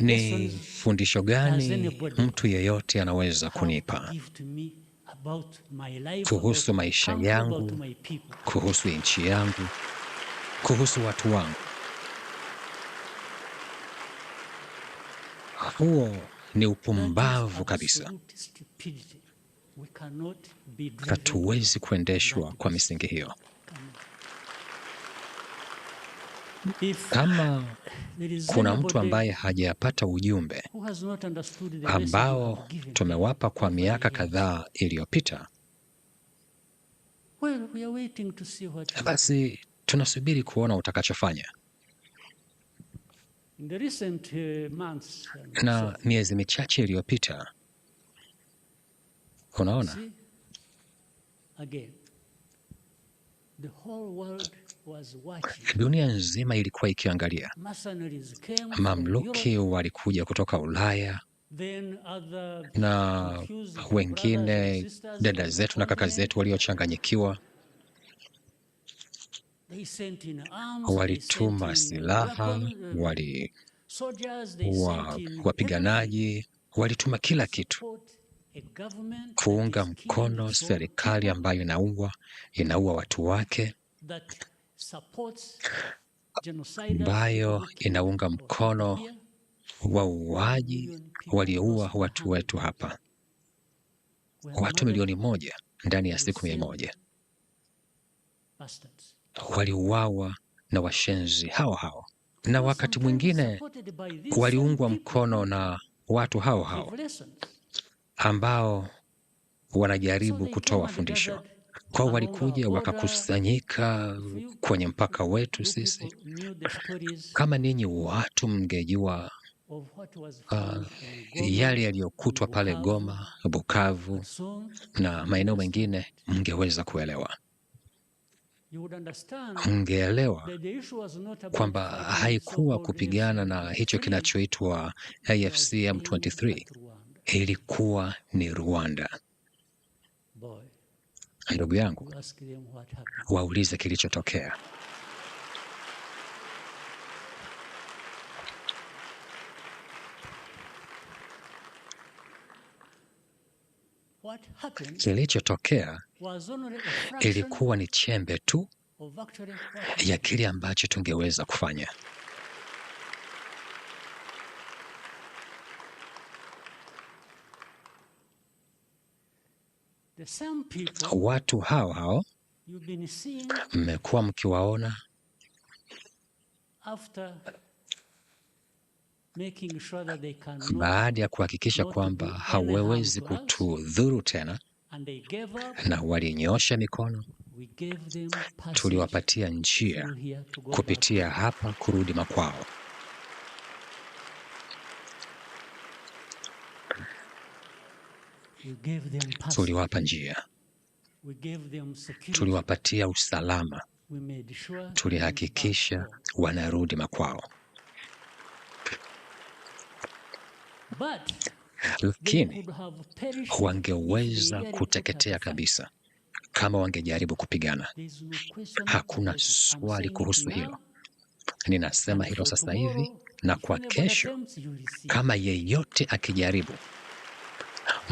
Ni fundisho gani mtu yeyote anaweza kunipa kuhusu maisha yangu, kuhusu nchi yangu, kuhusu watu wangu? Huo ni upumbavu kabisa. Hatuwezi kuendeshwa kwa misingi hiyo. Kama kuna mtu ambaye hajayapata ujumbe ambao tumewapa kwa miaka kadhaa iliyopita, basi tunasubiri kuona utakachofanya. Uh, Na miezi michache iliyopita, unaona Dunia nzima ilikuwa ikiangalia. Mamluki walikuja kutoka Ulaya na wengine dada zetu na kaka zetu waliochanganyikiwa, walituma silaha, wali wapiganaji, walituma kila kitu kuunga mkono serikali ambayo inaua inaua watu wake, ambayo inaunga mkono wauaji walioua watu wetu hapa, watu milioni moja ndani ya siku mia moja waliuawa na washenzi hao hao, na wakati mwingine waliungwa mkono na watu hao hao ambao wanajaribu kutoa fundisho kwao. Walikuja wakakusanyika kwenye mpaka wetu sisi. Kama ninyi watu mngejua Uh, yale yaliyokutwa pale Goma, Bukavu na maeneo mengine, mngeweza kuelewa, mngeelewa kwamba haikuwa kupigana na hicho kinachoitwa AFC M23 ilikuwa ni Rwanda. Ah, ndugu yangu, waulize kilichotokea. Kilichotokea ilikuwa ni chembe tu ya kile ambacho tungeweza kufanya. watu hao hao mmekuwa mkiwaona baada ya kuhakikisha kwamba hawawezi kutudhuru tena, na walinyosha mikono, tuliwapatia njia kupitia hapa kurudi makwao. Tuliwapa njia, tuliwapatia usalama, tulihakikisha wanarudi makwao. Lakini wangeweza kuteketea kabisa kama wangejaribu kupigana. Hakuna swali kuhusu hilo. Ninasema hilo sasa hivi na kwa kesho, kama yeyote akijaribu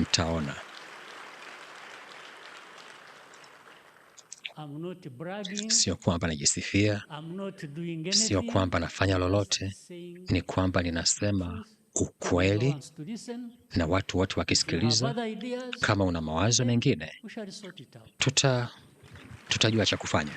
mtaona. Sio kwamba najisifia, sio kwamba nafanya lolote, ni kwamba ninasema ukweli na watu wote wakisikiliza. Kama una mawazo mengine, tuta tutajua cha kufanya.